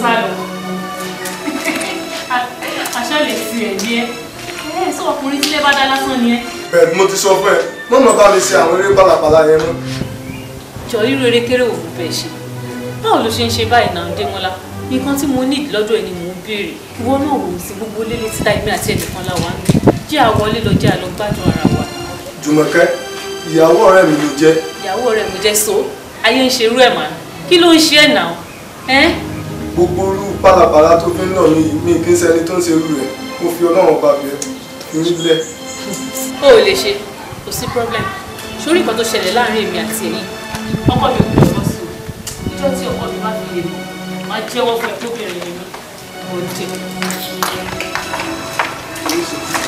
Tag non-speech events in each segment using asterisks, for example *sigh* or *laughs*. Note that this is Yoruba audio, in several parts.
sá lọ aṣáálẹ̀ *laughs* ti ẹ̀ ní ẹ ẹ sọ ọkùnrin tílé bá dá lásán ni ẹ. bẹ́ẹ̀ mo ti sọ fún ẹ mọ mọ bá mi ṣe àwọn eré pàlàpàlà yẹn mọ. jọ irú eré kéré òwú bẹ́ẹ̀ ṣe báwo ló ṣe ń ṣe báyìí náà Démọ́lá nǹkan tí mo need lọ́dọ̀ ẹni mò ń béèrè ìwọ náà wò ó sí gbogbo lélẹ̀ títà ìgbín àti ẹnìkan láwa ń jẹ́ àwọlé lọ jẹ́ àlọ́ gbádùn ara wa. Jùmọ̀kẹ́ ìyàwó ọ̀rẹ́ mi ló jẹ́. ìyàwó ọ̀rẹ́ mi jẹ́ so ayé ń ṣerú ẹ̀ mà kí ló ń ṣe ẹ̀ náà ẹ́ gbogbo olú pàlàpàlà tó fi ń nà mí mi kí n tó ń ṣerú rẹ̀ mo fi ọlọ́run bá bẹ̀ ní o ò lè ṣe kò sí problem sórí nǹkan tó ṣẹlẹ̀ láàrin èmi àti ẹ̀yìn ọkọ mi ò gbọ́dọ̀ sí o ìjọ tí ọkọ mi bá fi lè mọ̀ máa jẹ́wọ́ fún ẹ tó bẹ̀rẹ̀ yẹn mo dé. Thank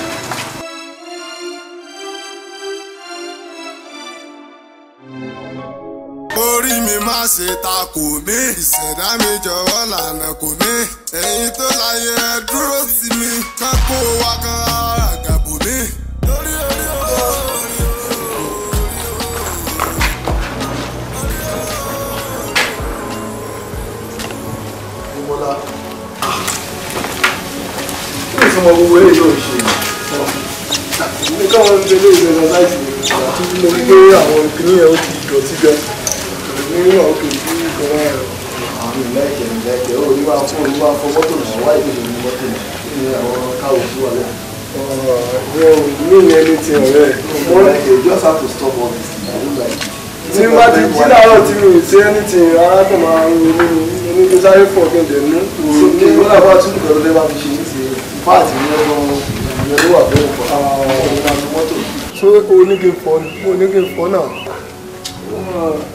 you orí mi má ṣe takò mí ìṣẹ̀dá mi jọ̀wọ́ lànà kò mí ẹ̀yin tó láyé ẹ dúró sí mi kán kó wa kan àgàbò mi. lórí orí ooo. ọmọ gbogbo èyí ló ṣe ní káwọn ń tẹ̀lé ìgbẹ́lá láìsí àti mo rí pé àwọn ìpínlẹ̀ ó ti dọ̀tí gan èmi náà kì í just have to stop all this thing. tí n bá ti jí láàárọ̀ tí mi ò ṣe ẹni ti arákùn máa ń ronú ní kí sáré fún ọ̀gẹ̀ dẹ̀ mú. ṣé kí wọ́n bá tún ìgbà lọ́dẹ bá fi ṣe ní ti fáàtì ní ọgbọ̀n ìyẹn ló wà bẹ́ẹ̀ fọ́. ṣé o ní kí fọ́ náà?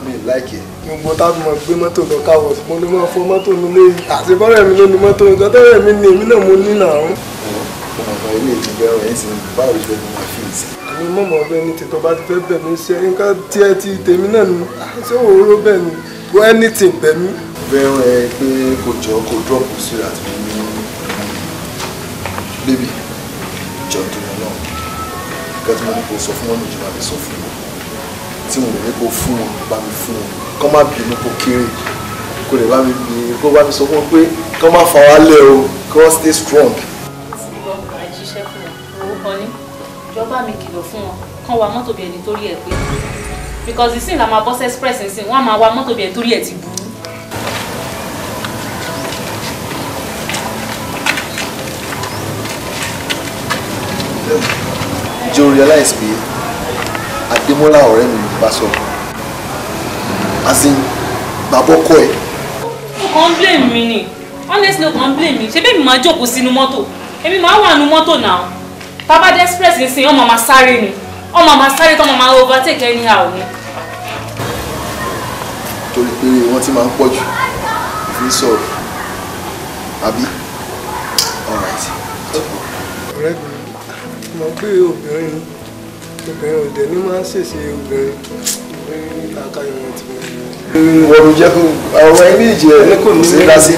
mi láìkè. gbogbo táwọn ọmọ gbé mọ́tò lọ káwọ̀ sí mo ló máa fọ mọ́tò mi lé àti bọ́rẹ̀ mi ló ní mọ́tò nǹkan tẹ́rẹ̀ mi ní èmi náà mo ní nà án. ọmọ ilé ìjìnlẹ̀ ọ̀rẹ́ ń sin báwo ló ní máa fi ìsìn. àmì mọ̀mọ́ ọbẹ̀ ni tètò bá ti fẹ́ bẹ̀ mí ṣe nǹkan tiẹ̀ ti tèmi náà ni ṣé òróró bẹ́ẹ̀ ni go anything bẹ̀ mí. bẹ́ẹ̀ ẹ pé kò jọ kò drop sí bébì jọ̀ọ́ tó yẹn náà gẹ́gẹ́ bí wọ́n ní kò sọ fún wọn ní ìjọba mi sọ fún wọn tí mo ní kó fún wọn bá mi fún wọn kọ́ má bínú kó kéré kó lè bá mi bí kó bá mi sọ fún wọn pé kọ́ má fa wá lẹ́ o kí stay strong. ìjọba mi kìlọ̀ fún wọn kán wa mọ́tò bí ẹni torí ẹ̀ pé because ìsìn la máa bọ́ sí express ìsìn wọ́n á máa wa mọ́tò bí ẹni torí ẹ̀ ti burú. Joe realize pé Adémọ́lá ọ̀rẹ́ mi bá sọ asin bàbọ́ kọ́ ẹ. o kàn ń blame mi ni honestly o kàn ń blame mi ṣebí èmi máa jókòó sínú mọ́tò èmi máa wà nínú mọ́tò náà bàbá dé express ń sìn ọmọ máa sáré ni ọmọ máa sáré tọmọ máa overtake anyhow ni. torí pé wọ́n ti máa ń pọ̀ jù ní sọ̀rọ̀ àbí all right. ọ̀rẹ́ mi mo gbé obìnrin obìnrin òde ní máa ń ṣèṣe obìnrin obìnrin ní làákà ìwọ̀n ti wọ̀ ẹ̀yìn. ìwọ ló jẹ́ kó àwọn ẹbí ìjì rẹ̀ ní kò ní sí lásì.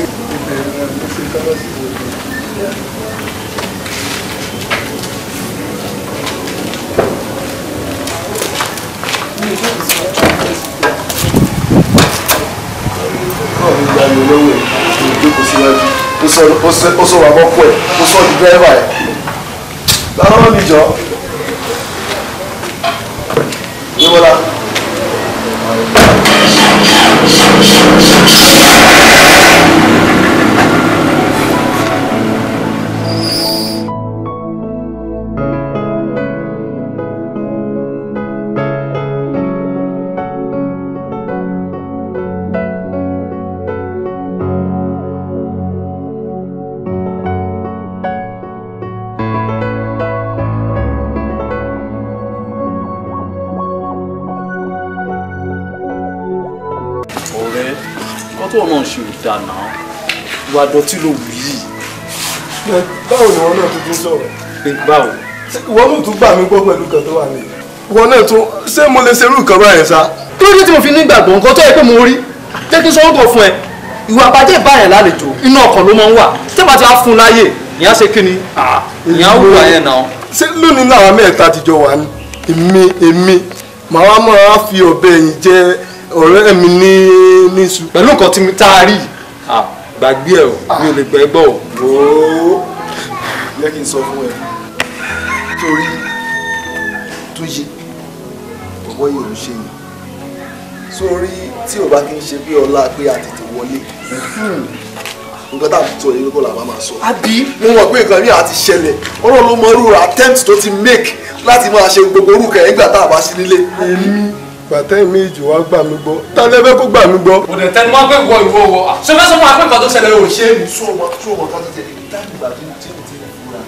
ó sọ wà mọ́kọ́ ẹ̀ ó sọ di dírẹ́fà ẹ̀ láwọn níjọ́. do it nǹkan tó náà ṣe ò dáa náà ìwà dọ̀tí ló wù yìí. báwo ni wọn náà tuntun sọ̀rọ̀. báwo. ìwọ náà tún gbà mí gbọ́ pẹ̀lú kan tó wà ní. ìwọ náà tún ṣé mo lè ṣerú nǹkan báyẹn sá. kí ló dé tí mo fi ní gbàgbọ́ nǹkan tó yẹ pé mo rí jẹ́ kí n sọ orúkọ fún ẹ ìwà àbájẹ́ ìbáyẹn lálejò inú ọkàn ló máa ń wà tẹ́pà tí wàá fún láyè ìyá ṣe kí ni ìyá ń wà yẹn náà. ṣé lónìí làwọn mẹ́ta ti jọ wà ní èmi èmi màá wá fi ọ̀bẹ yìí jẹ́ ọ̀rẹ́ mi ní ní su pẹ̀lú nǹkan tí mi tá a rí gbàgbé ẹ̀ mi ò lè gbẹ́ gbọ́ ò. jẹ́ kí n sọ fún ẹ torí tó yé ọ̀pọ̀ yìí ò ń ṣe yìí sórí tí ò bá kí n ṣe bí ọlá pé a tètè wọlé hmm. nǹkan tá a sọ yìí kó làbá máa sọ. àbí mo mọ̀ pé nǹkan ní àti ṣẹlẹ̀ ọ̀rọ̀ ló mọ irú attempt tó ti make láti máa ṣe gbogbo orúkọ ẹ̀ nígbà tá a bá sí nílé gbàtẹ́ méjì wá gbà mí gbọ́ tálẹ́ fẹ́ kó gbà mí gbọ́. kò dẹ̀ tẹnu máa pẹ́ wọ ìwọ wọ ṣé fẹ́ sọ fún akẹ́kọ̀ọ́ tó ṣẹlẹ̀ òṣè mi. sọ ma sọ ma ká tètè dáàbò ìgbà tó ti ti ti fura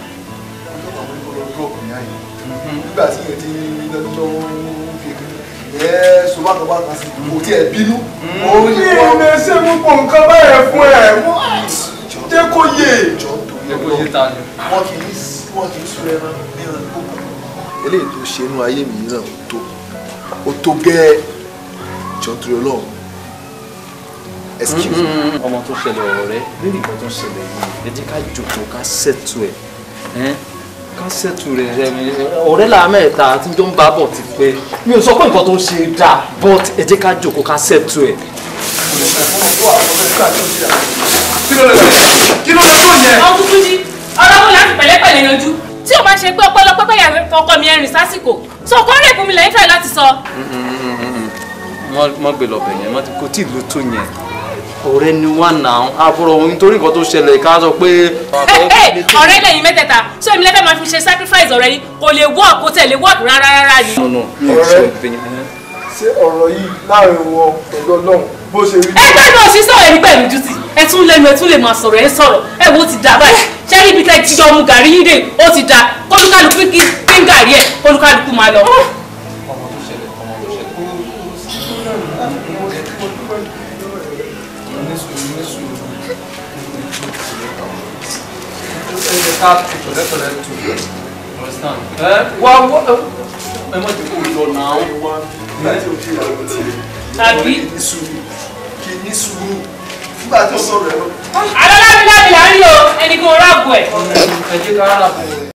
ọjọ́ kan mo lọ lọ ọkùnrin ayé mhm. nígbà tí yẹn ti lọ́dọ́ fi ẹ sọba tó bá kan sí kò tí ẹ bínú. Mhm. mi ò lè ṣe gbogbo nǹkan báyẹn fún ẹ jẹ́ kó yé. wọ́n kì í sùn ẹran ní ọ̀nà gbogbo. eléyìí tó ṣe inú ayé mi náà tó ó tó gẹ́ẹ́ jọ nítorí ọlọ́run excuse me. Mm-hmm. ọmọ tó ṣẹlẹ̀ ọ̀rọ̀ rẹ lórí ìgbà tó ṣẹlẹ̀ yìí ẹ jẹ́ ká jòkó ká ṣètò ẹ̀ ká ṣètò rẹ̀ ọ̀rẹ́ là mẹ́ta tí jọ ń bá bọ̀ ti pẹ́ mi ò sọ pé nǹkan tó ṣe dáa but ẹ jẹ́ ká jòkó ká ṣètò ẹ̀. kí ló lè kí ló lè tó yẹ. ọ̀hún tuntun ni ọlọ́run láti pẹ̀lẹ́pẹ̀lẹ́ yanjú tí o bá ṣe pé ọpọlọ pẹ́pẹ́ yà ọkọ mi ẹ̀rìn sásìkò so kọ́ rẹ̀ ìbomi lẹ́yìn fẹ́ láti sọ. wọ́n gbé lọ́bẹ̀ yẹn wọ́n ti kó tí ìlú tó yẹn ọ̀rẹ́ ni wà náà àbúrò òun nítorí nǹkan tó ṣẹlẹ̀ ká sọ pé. Eh, eh, ọ̀rẹ́ lẹ́yìn mẹ́tẹ̀ẹ̀ta ṣé èmi lẹ́fẹ̀ẹ́ máa fi ṣe sacrifice ọ̀rẹ́ yìí kò lè work kò tẹ̀ work rárá rárá ni. ṣé ọ̀rọ̀ yìí láàrin wọ pẹ̀lú ọlọ́run bó ṣe rí. ẹ eh, gbẹ́dọ̀ sí sọ̀rọ̀ ẹ̀yìn pẹ̀lú jùtì ẹ tún lẹ́nu ẹ tún lè máa sọ̀rọ̀ ẹ sọ̀rọ̀ ẹ wo ti dà báyìí ṣé ibi tẹ́ jíjọ mu gàrí yín ó ti dà kọ́lùkálù pínpín ń gàrí ẹ̀ olúkálukú máa lọ. tàbí kì í ní sùúrù nígbà tó ẹ̀ ẹ jẹ́ ká ráàbù ẹ̀.